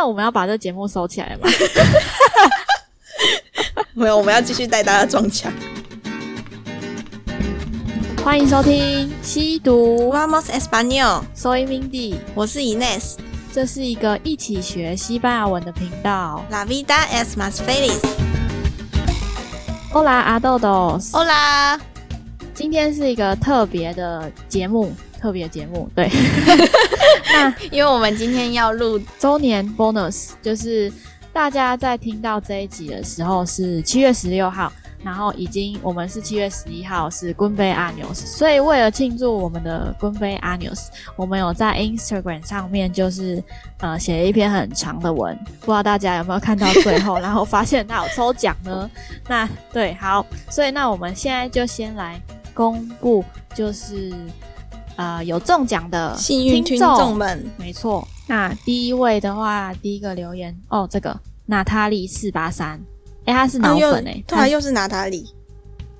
那我們要把這節目收起來嗎？ 沒有，我們要繼續帶大家撞牆。 歡迎收聽《西毒》，Vamos Español，Soy Mindy，我是 Ines，這是一個一起學西班牙文的頻道，La vida es más feliz。Hola，阿豆豆，Hola。今天是一個特別的節目。特別節目，對 那，那因為我們今天要錄周年 bonus，就是大家在聽到這一集的時候是七月十六號，然後已經我們是七月十一號是 cumpleaños，所以為了慶祝我們的 cumpleaños，我們有在 Instagram 上面就是呃寫一篇很長的文，不知道大家有沒有看到最後， 然後發現他有抽獎呢？ 那對，好，所以那我們現在就先來公布就是。呃，有中獎的幸運聽眾們，沒錯。那第一位的話，第一個留言哦，這個娜塔莉四八三，哎，他、欸、是腦粉哎、欸哦，突然又是娜塔莉，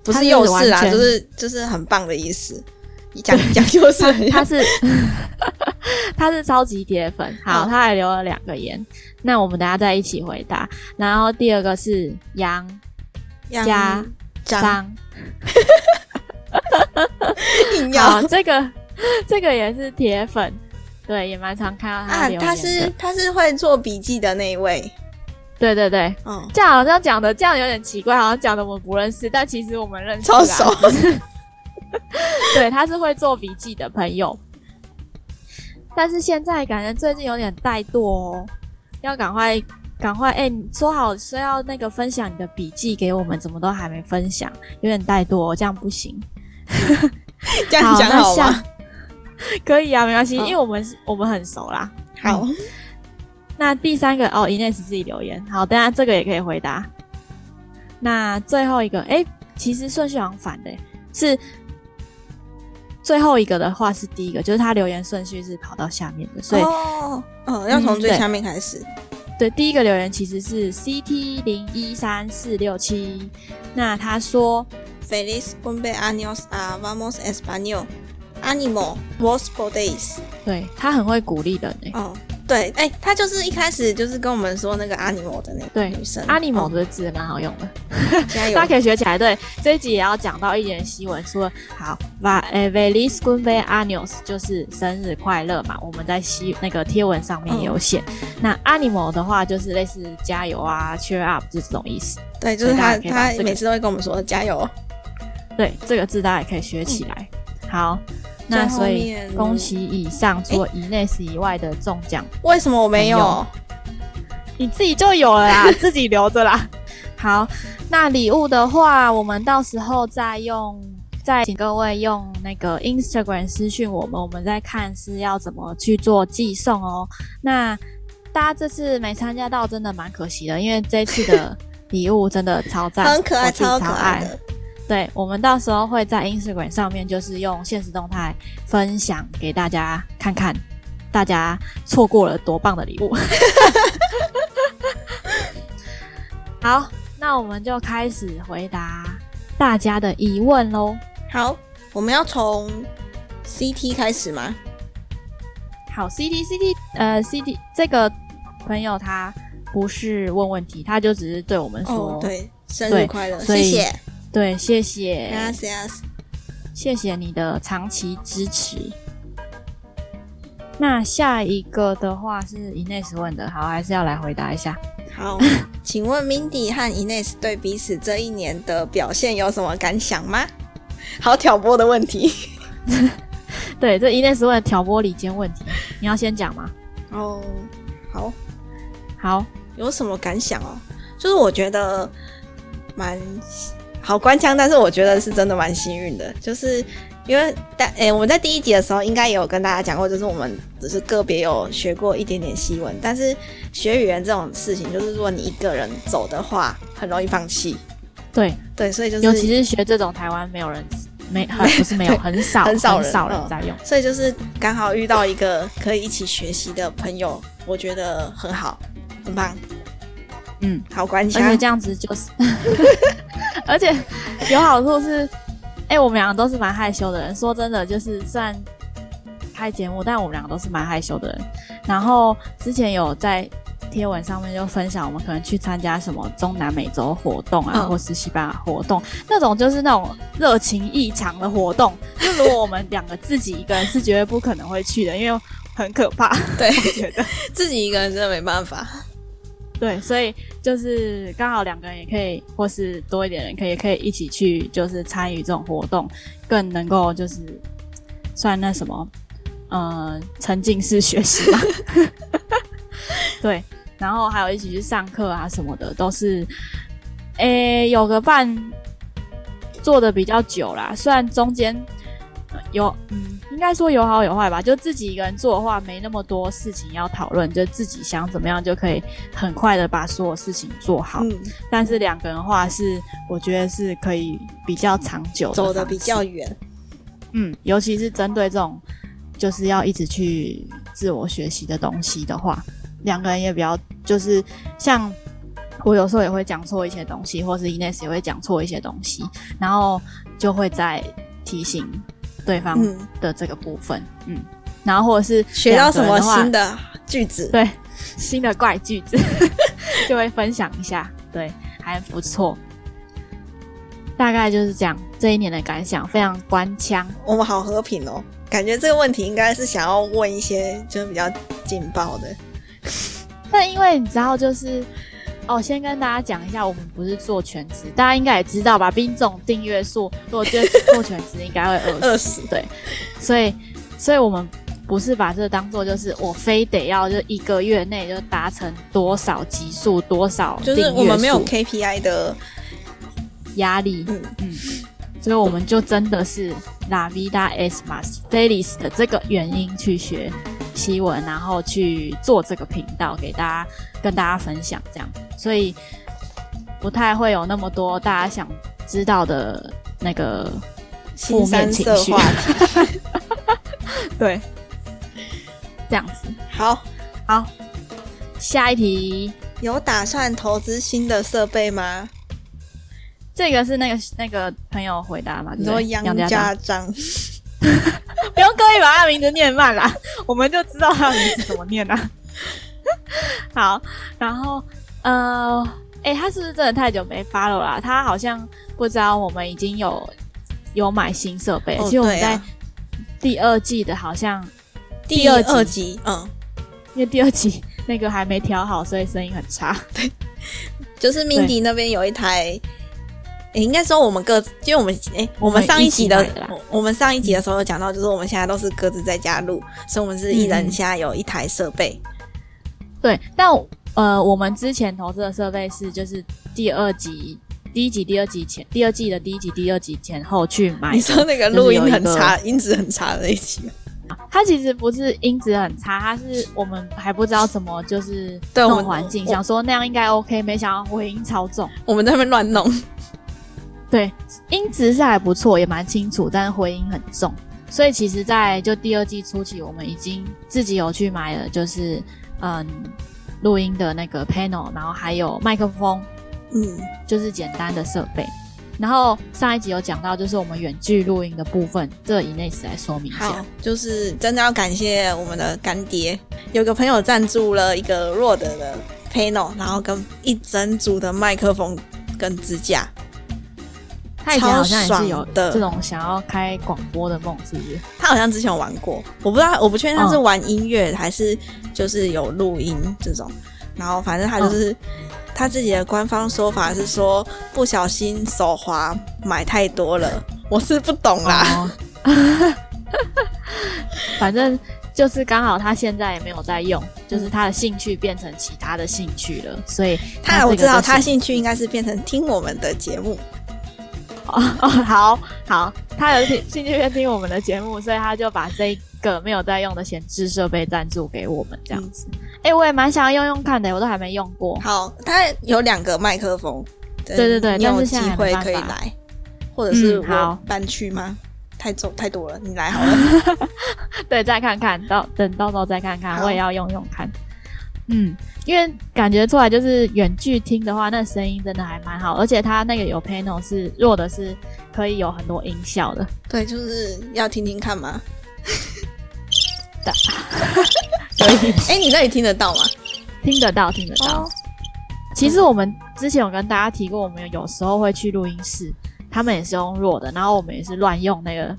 不是幼師啊，就是就是很棒的意思，你講講就是，他是他是超級鐵粉。好，他還留了兩個言，那我們等下再一起回答。然後第二個是楊家張，一定要這個。這個也是鐵粉，對，也蠻常看到他的。啊，他是他是會做筆記的那一位，對對對，嗯、哦。這樣好像講的，這樣有點奇怪，好像講的我們不認識，但其實我們認識、啊，超熟 對，他是會做筆記的朋友， 但是現在感覺最近有點怠惰哦，要趕快趕快，哎、欸，說好說要那個分享你的筆記給我們，怎麼都還沒分享，有點怠惰、哦，這樣不行。 這樣講好，那下。 可以啊，沒關係、哦，因為我們我們很熟啦。好，嗯、那第三個哦 Inés 自己留言。好，等下這個也可以回答。那最後一個，哎、欸，其實順序好像反的、欸，是最後一個的話是第一個，就是他留言順序是跑到下面的，所以哦,哦，要從最下面開、嗯、始。對，第一個留言其實是 CT 零一三四六七，那他說：“Feliz cumpleaños, are、ah, vamos a español。” Ánimo was for days，對，他很會鼓勵人、欸。哦、oh。對，哎、欸，他就是一開始就是跟我們說那個 Ánimo 的那個女生，Ánimo 的、嗯、這個字蠻好用的， 大家可以學起來。對，這一集也要講到一點西文，說好 Feliz cumpleaños 就是生日快樂嘛。我們在西那個貼文上面也有寫、嗯，那 Ánimo 的話就是類似加油啊 ，cheer up 就是這種意思。對，就是他可以他每次都會跟我們說、嗯、加油。對，這個字大家也可以學起來。嗯、好。那所以恭喜以上除了伊內斯以外的中獎，為什麼我沒有？沒有你自己就有了啦， 自己留着啦。好、嗯，那禮物的話，我們到時候再用，再請各位用那個 Instagram 私訊我們，我們再看是要怎麼去做寄送哦。那大家這次沒參加到，真的蠻可惜的，因為這次的禮物真的超讚， 很可愛，超愛，超可愛。對，我們到時候會在 Instagram 上面，就是用限時動態分享給大家看看，大家錯過了多棒的禮物。 好，那我們就開始回答大家的疑問嘍。好，我們要從 CT 開始嗎？好，CT，CT，呃，CT 這個朋友他不是問問題，他就只是對我們說：哦、對，生日快樂，謝謝。對，謝謝，yes, yes. 謝謝，你的長期支持。那下一個的話是 Ines 問的，好，還是要來回答一下？好， 請問 Mindy 和 Ines 對彼此這一年的表現有什麼感想嗎？好挑撥的問題， 對，這 Ines 問的挑撥離間問題，你要先講嗎？哦、oh，好，好，有什麼感想哦？就是我覺得蠻。好官腔，但是我覺得是真的蠻幸運的，就是因為但誒、欸，我們在第一集的時候應該也有跟大家講過，就是我們只是個別有學過一點點西文，但是學語言這種事情，就是如果你一個人走的話，很容易放棄。對對，所以就是尤其是學這種台灣沒有人沒不是沒有很少 很少，人，很少人、嗯、人在用，所以就是剛好遇到一個可以一起學習的朋友，我覺得很好，很棒。嗯，好關係。而且這樣子就是， 而且有好處是，哎、欸，我們兩個都是蠻害羞的人。說真的，就是雖然拍節目，但我們兩個都是蠻害羞的人。然後之前有在貼文上面就分享，我們可能去參加什麼中南美洲活動啊，嗯、或是西班牙活動那種，就是那種熱情異常的活動。 就如果我們兩個自己一個人是絕對不可能會去的，因為很可怕。對， 覺得自己一個人真的沒辦法。對，所以就是剛好兩個人也可以，或是多一點人可以，可以一起去，就是參與這種活動，更能夠就是算那什麼，嗯、呃，沉浸式學習吧。 對，然後還有一起去上課啊什麼的，都是，誒、欸，有個伴做的比較久了，雖然中間。有，嗯，應該說有好有壞吧。就自己一個人做的話，沒那麼多事情要討論，就自己想怎麼樣就可以很快的把所有事情做好。嗯，但是兩個人的話是，我覺得是可以比較長久的，走得比較遠。嗯，尤其是針對這種就是要一直去自我學習的東西的話，兩個人也比較就是像我有時候也會講錯一些東西，或是 Ines 也會講錯一些東西，然後就會再提醒。對方的這個部分嗯，嗯，然後或者是學到什麼新的句子，對，新的怪句子， 就會分享一下，對，還不錯。大概就是這樣，這一年的感想，非常官腔。我們好和平哦，感覺這個問題應該是想要問一些就是比較勁爆的， 但因為你知道，就是。哦，先跟大家講一下，我們不是做全職，大家應該也知道吧？這種訂閱數，如果真做全職，應該會餓死。對，所以，所以我們不是把這當做就是我非得要就一個月內就達成多少級數、多少訂閱數。就是我們沒有 KPI 的壓力，嗯嗯，所以我們就真的是 La vida es más feliz 的這個原因去學新聞，然後去做這個頻道，給大家跟大家分享這樣，所以不太會有那麼多大家想知道的那個負面情緒。 對，這樣子。好好，下一題，有打算投資新的設備嗎？這個是那個那個朋友回答嘛？你說楊家璋。 不用刻意把他名字念慢啦， 我們就知道他名字怎麼念啦、啊。 好，然後呃，哎、欸，他是不是真的太久沒 follow 啦？他好像不知道我們已經有有買新設備，而、哦、且我們在第二季的，好像第二集第二集，嗯，因為第二集那個還沒調好，所以聲音很差。對，就是 Mindy 那邊有一台。哎、欸，應該說我們各自，因為我們哎、欸，我們上一集的，我們，一我我們上一集的時候有講到，就是我們現在都是各自在家錄、嗯，所以我們是一人現在有一台設備。對，但呃，我們之前投資的設備是，就是第二集、第一集、第二集前、第二季的第一集、第二集前後去買。你說那個錄音很差，就是、音質很差的那一集？它其實不是音質很差，它是我們還不知道怎麼，就是對我們環境，想說那樣應該 OK，沒想到回音超重。我們在那邊亂弄。對，音質是還不錯，也蠻清楚，但是回音很重。所以其實，在就第二季初期，我們已經自己有去買了，就是嗯，錄音的那個 panel，然後還有麥克風，嗯，就是簡單的設備。然後上一集有講到，就是我們遠距錄音的部分，這以內 e 來說明一下。好，就是真的要感謝我們的乾爹，有個朋友贊助了一個 RODE 的 panel，然後跟一整組的麥克風跟支架。超爽的這種想要開廣播的夢，是不是？他好像之前有玩過，我不知道，我不確定他是玩音樂、哦、還是就是有錄音這種。然後反正他就是、哦、他自己的官方說法是說不小心手滑買太多了，我是不懂啦。哦、 反正就是剛好他現在也沒有在用，就是他的興趣變成其他的興趣了。所以他、就是、他我知道他興趣應該是變成聽我們的節目。 哦，好好，他有興趣聽我們的節目， 所以他就把這個沒有在用的閒置設備贊助給我們，這樣子。哎、嗯欸，我也蠻想要用用看的，我都還沒用過。好，他有兩個麥克風，對對對，你有機會可以來，對對對，或者是我、嗯、搬去嗎？太重太多了，你來好了。 對，再看看，到等到時候再看看，我也要用用看。嗯，因為感覺出來就是遠距聽的話，那聲音真的還蠻好，而且它那個有 panel 是弱的，是可以有很多音效的。對，就是要聽聽看嗎？對。 哎、欸，你那裡聽得到嗎？聽得到，聽得到。Oh. 其實我們之前有跟大家提過，我們有時候會去錄音室，他們也是用弱的，然後我們也是亂用那個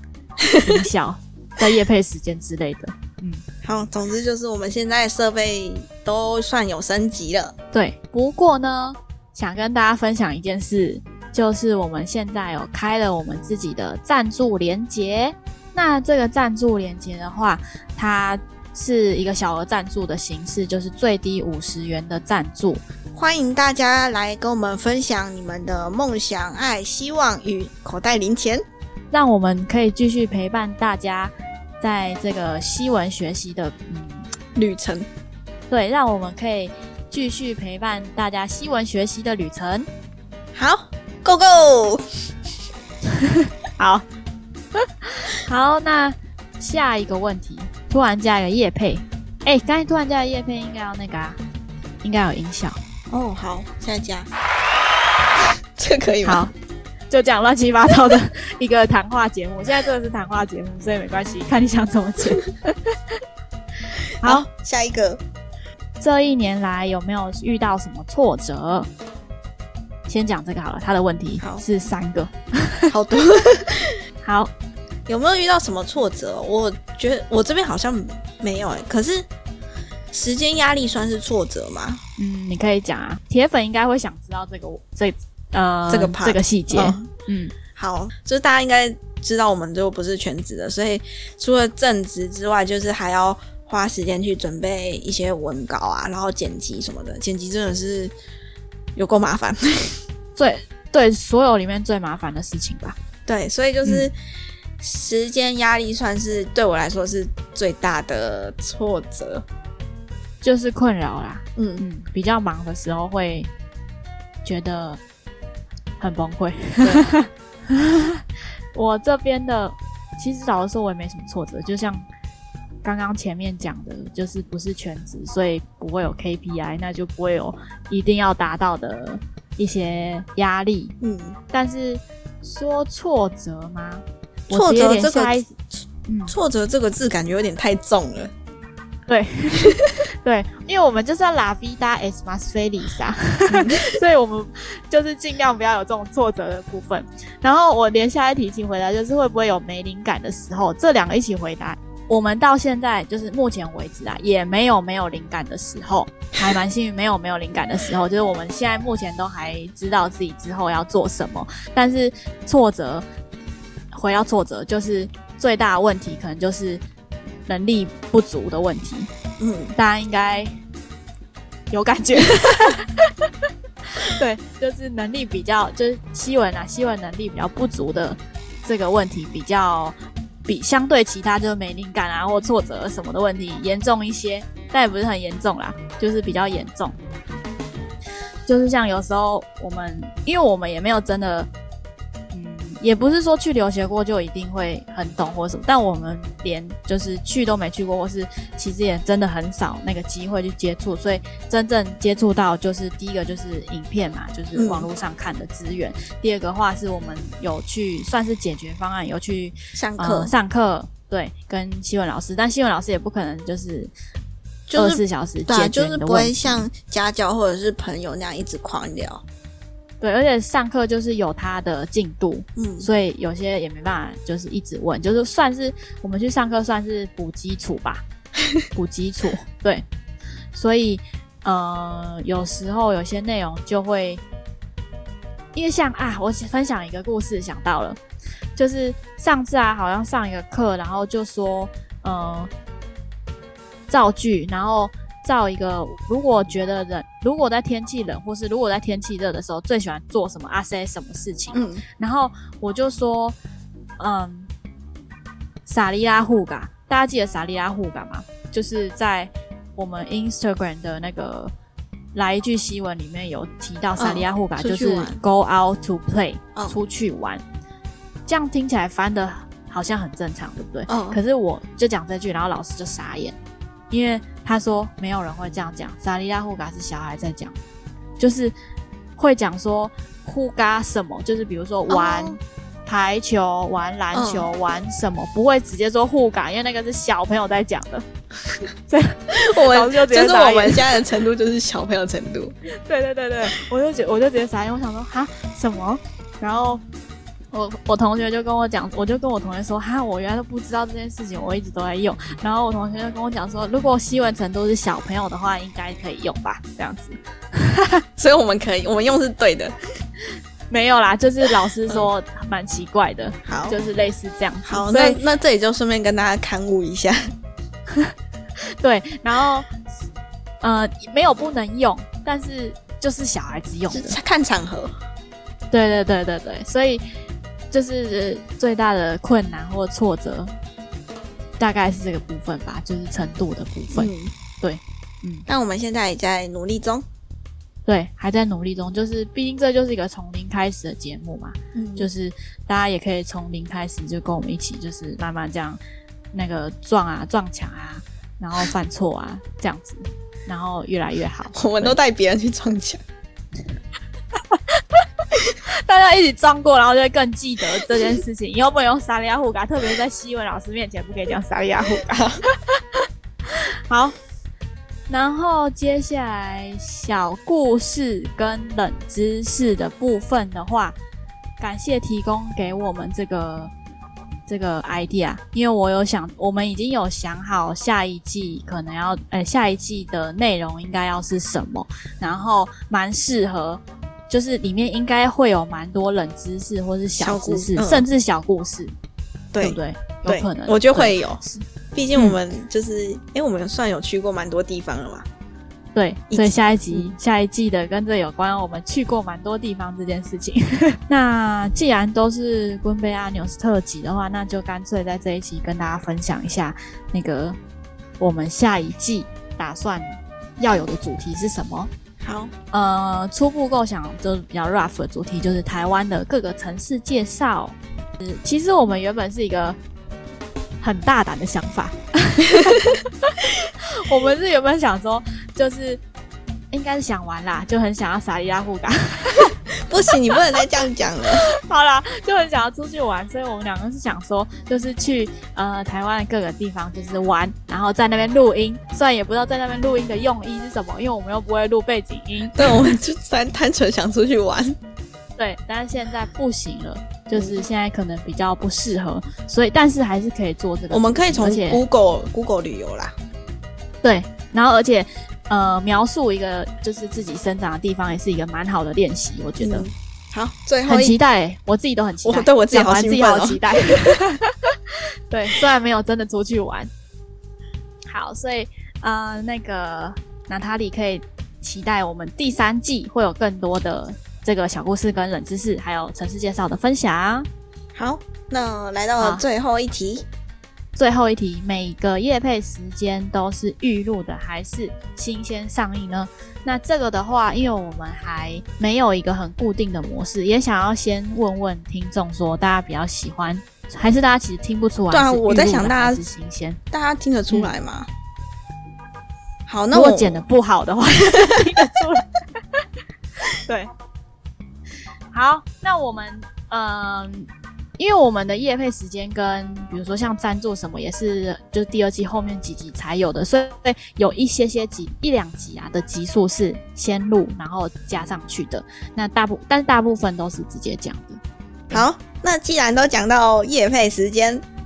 音效，在業配時間之類的。嗯。然後、哦，總之就是我們現在設備都算有升級了。對，不過呢，想跟大家分享一件事，就是我們現在有開了我們自己的贊助連結。那這個贊助連結的話，它是一個小額贊助的形式，就是最低五十元的贊助，歡迎大家來跟我們分享你們的夢想、愛、希望與口袋零錢，讓我們可以繼續陪伴大家。在這個西文學習的、嗯、旅程，對，讓我們可以繼續陪伴大家西文學習的旅程。好，Go Go， 好， 好，那下一個問題，突然加一個業配。哎、欸，剛才突然加的業配應該要那個啊，應該有音效哦。Oh, 好，現在加， 這可以嗎？好就講亂七八糟的一個談話節目，現在做的是談話節目，所以沒關係，看你想怎麼講。 好、啊，下一個，這一年來有沒有遇到什麼挫折？先講這個好了。他的問題是三個，好，好多。 好，有沒有遇到什麼挫折？我覺得我這邊好像沒有哎、欸，可是時間壓力算是挫折嗎？嗯，你可以講啊，鐵粉應該會想知道這個這。呃，這個 part, 這個細節，哦，嗯，好，就是大家應該知道，我們就不是全職的，所以除了正職之外，就是還要花時間去準備一些文稿啊，然後剪輯什麼的。剪輯真的是有夠麻煩， 對，對，所有裡面最麻煩的事情吧？對，所以就是時間壓力算是、嗯、對我來說是最大的挫折，就是困擾啦。嗯嗯，比較忙的時候會覺得。很崩潰，對啊、 我這邊的其實老實說，我也沒什麼挫折。就像剛剛前面講的，就是不是全職，所以不會有 KPI，那就不會有一定要達到的一些壓力。嗯，但是說挫折嗎我？挫折這個，嗯，挫折這個字感覺有點太重了。對， 對，因為我們就是要 La vida es más feliz 啊， 所以我們就是盡量不要有這種挫折的部分。然後我連下一題一起回答，就是會不會有沒靈感的時候？這兩個一起回答。 我們到現在就是目前為止啊，也沒有沒有靈感的時候，還蠻幸運，沒有沒有靈感的時候，就是我們現在目前都還知道自己之後要做什麼。但是挫折，回到挫折，就是最大的問題，可能就是。能力不足的問題，嗯，大家應該有感覺 對，就是能力比較，就是西文啊，西文能力比較不足的這個問題比較比相對其他就是沒靈感啊或挫折什麼的問題嚴重一些，但也不是很嚴重啦，就是比較嚴重，就是像有時候我們，因為我們也沒有真的。也不是說去留學過就一定會很懂或什麼，但我們連就是去都沒去過，或是其實也真的很少那個機會去接觸，所以真正接觸到就是第一個就是影片嘛，就是網絡上看的資源，嗯。第二個話是我們有去算是解決方案，有去上課、呃、上課，對，跟西文老師，但西文老師也不可能就是二十四小時解、就是對啊、就是不會像家教或者是朋友那樣一直狂聊。對，而且上課就是有他的進度，嗯，所以有些也沒辦法，就是一直問，就是算是我們去上課，算是補基礎吧， 補基礎。對，所以呃，有時候有些內容就會，因為像啊，我分享一個故事想到了，就是上次啊，好像上一個課，然後就說嗯、呃，造句，然後造一個，如果覺得人。如果在天氣冷，或是如果在天氣熱的時候，最喜歡做什麼啊？say 什麼事情、嗯？然後我就說，嗯，薩利拉護嘎，大家記得薩利拉護嘎嗎？就是在我們 Instagram 的那個來一句西文裡面有提到薩利拉護嘎，oh, 就是 go out to play，、oh. 出，去出去玩。這樣聽起來翻的好像很正常，對不對？Oh. 可是我就講這句，然後老師就傻眼，因為。他說：“沒有人會這樣講，薩莉亞護咖是小孩在講，就是會講說護咖什麼，就是比如說玩、oh. 排球、玩籃球、oh. 玩什麼，不會直接說護咖，因為那個是小朋友在講的。對、oh.， 我們就覺得是我們現在的程度就是小朋友程度。 對對對對，我就覺我就直接傻，因為我想說哈什麼，然後。”我我同學就跟我講，我就跟我同學說哈，我原來都不知道這件事情，我一直都在用。然後我同學就跟我講說，如果西文程度是小朋友的話，應該可以用吧？這樣子， 所以我們可以，我們用是對的。沒有啦，就是老師說蠻奇怪的、 嗯，好，就是類似這樣。好，那那這裡就順便跟大家勘誤一下。 對，然後呃，沒有不能用，但是就是小孩子用的，看場合。對對對對對，所以。就是最大的困難或挫折、嗯，大概是這個部分吧，就是程度的部分。嗯、對，嗯。但我們現在也在努力中，對，還在努力中。就是畢竟這就是一個從零開始的節目嘛，嗯，就是大家也可以從零開始，就跟我們一起，就是慢慢這樣那個撞啊撞牆啊，然後犯錯啊 這樣子，然後越來越好。我們都帶別人去撞牆。 大家一起撞過，然後就會更記得這件事情。 以後不能用撒利亞虎嘎，特別是在西文老師面前不可以講撒利亞虎嘎。 好，然後接下來小故事跟冷知識的部分的話，感謝提供給我們這個這個 idea，因為我有想，我們已經有想好下一季可能要，呃、欸，下一季的內容應該要是什麼，然後蠻適合，就是裡面應該會有蠻多冷知識，或是小知識小、嗯，甚至小故事，對，對不對？有可能我覺得會有，畢竟我們就是，為、欸、我們算有去過蠻多地方了嘛。對，所以下一集、嗯、下一季的跟這有關，我們去過蠻多地方這件事情。 那既然都是 Cumpleaños 特集的話，那就乾脆在這一集跟大家分享一下，那個我們下一季打算要有的主題是什麼。好，呃，初步構想就是比較 rough 的主題，就是台灣的各個城市介紹。其實我們原本是一個很大膽的想法， 我們是原本想說，就是。應該是想玩啦，就很想要撒丫布。跑。 不行，你不能再這樣講了。 好啦，就很想要出去玩，所以我們兩個是想說，就是去呃台灣各個地方就是玩，然後在那邊錄音。雖然也不知道在那邊錄音的用意是什麼，因為我們又不會錄背景音。對，我們就單單純想出去玩。 對，但是現在不行了，就是現在可能比較不適合、嗯，所以但是還是可以做這個。我們可以從 Google Google 旅遊啦。對，然後而且。呃，描述一個就是自己生長的地方，也是一個蠻好的練習，我覺得。嗯、好，最後一很期待，我自己都很期待，我對我自己好，哦、自己好期待。 對，雖然沒有真的出去玩。好，所以呃，那個娜塔莉可以期待我們第三季會有更多的這個小故事跟冷知識，還有城市介紹的分享。好，那來到了最後一題。最後一題，每個業配時間都是預錄的，還是新鮮上映呢？那這個的話，因為我們還沒有一個很固定的模式，也想要先問問聽眾，說大家比較喜歡，還是大家其實聽不出來？對啊，我在想大家是新鮮，大家聽得出來嗎？嗯、好，那我如果剪得不好的話，聽得出來。對，好，那我們嗯。呃因為我們的業配時間跟比如說像贊助什麼也是，就是第二季後面幾集才有的，所以有一些些集一兩集啊的集數是先錄然後加上去的。那大部但大部分都是直接講的。好，那既然都講到業配時間，嗯，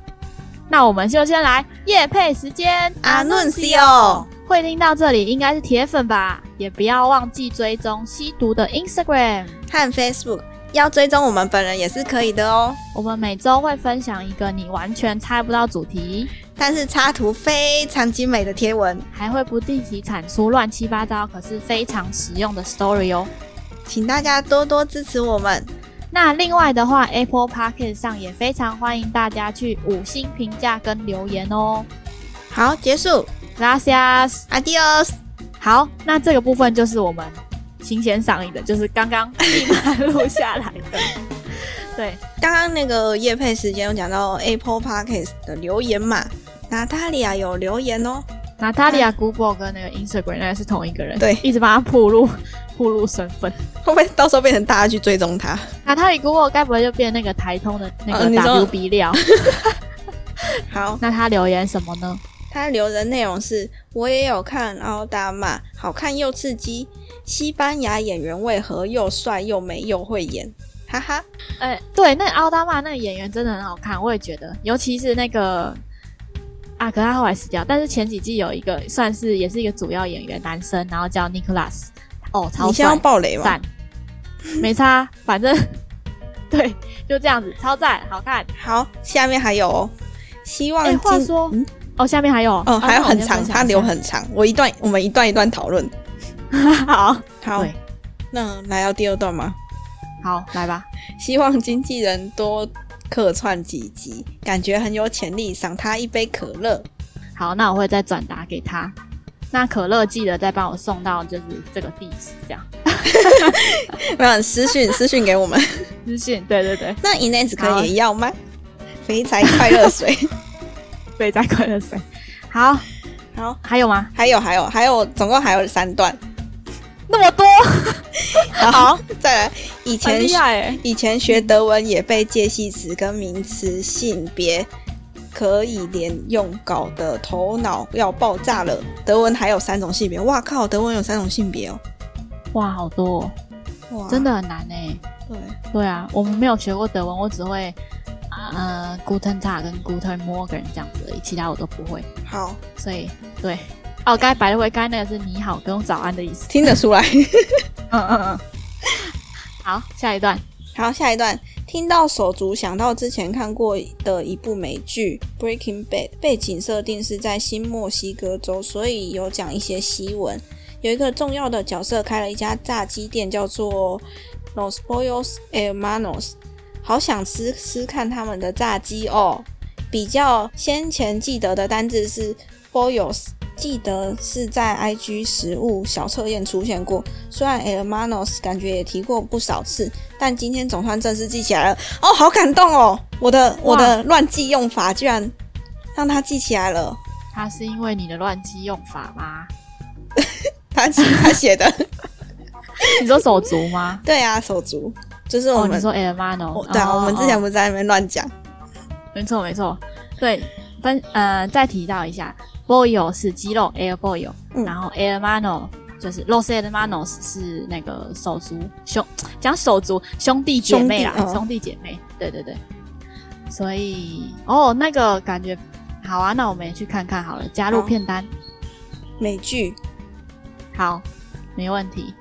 那我們就先來業配時間阿弄西哦，會聽到這裡應該是鐵粉吧，也不要忘記追蹤吸毒的 Instagram 和 Facebook。要追蹤我們本人也是可以的哦。我們每周會分享一個你完全猜不到主題，但是插圖非常精美的貼文，還會不定期產出亂七八糟可是非常實用的 story 哦。請大家多多支持我們。那另外的話，Apple Podcast 上也非常歡迎大家去五星評價跟留言哦。好，結束。Gracias。Adios。好，那這個部分就是我們。新鮮上映的，就是剛剛立馬錄下來的。 對，剛剛那個業配時間有講到 Apple Podcast 的留言嘛？娜塔莉亞有留言哦。娜塔莉亞 Google 跟那個 Instagram 那個是同一個人，對，一直幫他曝露、曝露身份，會不會到時候變成大家去追蹤他？娜塔莉 Google 該不會就變成那個台通的那個 W B 料？啊、 好，那他留言什麼呢？他留的內容是：我也有看《奧大馬》，好看又刺激。西班牙演員為何又帥又美又會演？哈哈，哎、欸，對，那奧達瑪那個演員真的很好看，我也覺得，尤其是那個啊，可他後來死掉。但是前幾季有一個算是也是一個主要演員，男生，然後叫尼古拉斯，哦，超，你先要暴雷嗎？沒差，反正 對，就這樣子，超讚，好看。好，下面還有，希望、欸、話說、嗯、哦，下面還有，哦，還有很長，他留很長，我一段，我們一段一段討論。好 好，好，那來到第二段嗎？好，來吧。希望經紀人多客串幾集，感覺很有潛力，賞他一杯可樂。好，那我會再轉達給他。那可樂記得再幫我送到，就是這個地址，這樣。沒 有 私訊，私訊給我們。 私訊，對對對。那 i n a z s 可以也要嗎？肥宅快樂水， 肥宅快樂水。好，好，還有嗎？還有，還有，還有，總共還有三段。 那麼多，好， 再來。以前以前學德文也背介系詞跟名詞性別可以連用，搞得頭腦要爆炸了，嗯。德文還有三種性別，哇靠，德文有三種性別哦，哇，好多，哇，真的很難哎。對，對啊，我們沒有學過德文，我只會呃，Guten Tag 跟 Guten Morgen 這樣子而已，其他我都不會。好，所以對。哦，該白了會，該那個是“你好”跟“早安”的意思，聽得出來 嗯。嗯嗯嗯，好，下一段，好，下一段。聽到手足，想到之前看過的一部美劇《Breaking Bad》，背景設定是在新墨西哥州，所以有講一些西文。有一個重要的角色開了一家炸雞店，叫做 Los Pollos Hermanos，好想吃吃看他們的炸雞哦。比較先前記得的單字是 Pollos。記得是在 IG 實物小測驗出現過，雖然 Hermanos 感覺也提過不少次，但今天總算正式記起來了。哦，好感動哦！我的我的亂記用法居然讓他記起來了。他是因為你的亂記用法嗎？ 他他寫的。 你說手足嗎？對啊，手足就是我們、oh, 說 Hermanos 對啊，oh, oh. 我們之前不是在那邊亂講。沒錯沒錯，對，分呃再提到一下。Boil 是雞肉，air boil，嗯，然後 air mano 就是 los hermanos 是那個手足兄講手足兄弟姐妹啦兄、哦，兄弟姐妹，對對對，所以哦那個感覺好啊，那我們也去看看好了，加入片單，美劇，好，沒問題，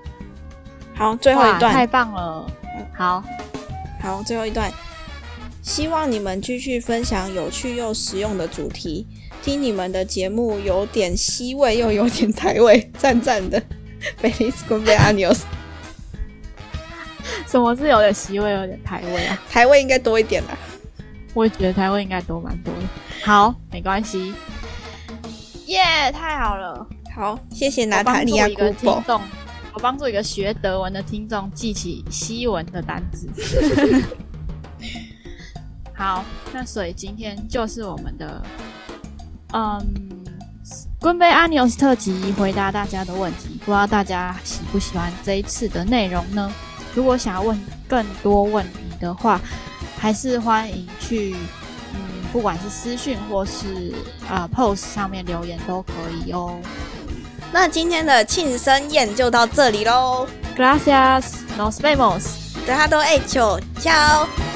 好最後一段太棒了，好好,最後,好最後一段，希望你們繼續分享有趣又實用的主題。聽你們的節目有點西味又有點台味，讚讚的。 什麼是有點西味，有點台味啊？台味應該多一點啦、啊。我也覺得台味應該多蠻多的。好，沒關係。耶、yeah，太好了！好，謝謝拿塔尼亞的聽眾，我幫助，助一個學德文的聽眾記起西文的單字 好，那所以今天就是我們的。嗯，杯杯阿牛斯特輯回答大家的問題，不知道大家喜不喜歡這一次的內容呢？如果想要問更多問題的話，還是歡迎去嗯，不管是私訊或是啊、呃、，post 上面留言都可以哦、喔。那今天的慶生宴就到這裡嘍，Gracias，nos vemos，大家都愛球，Ciao。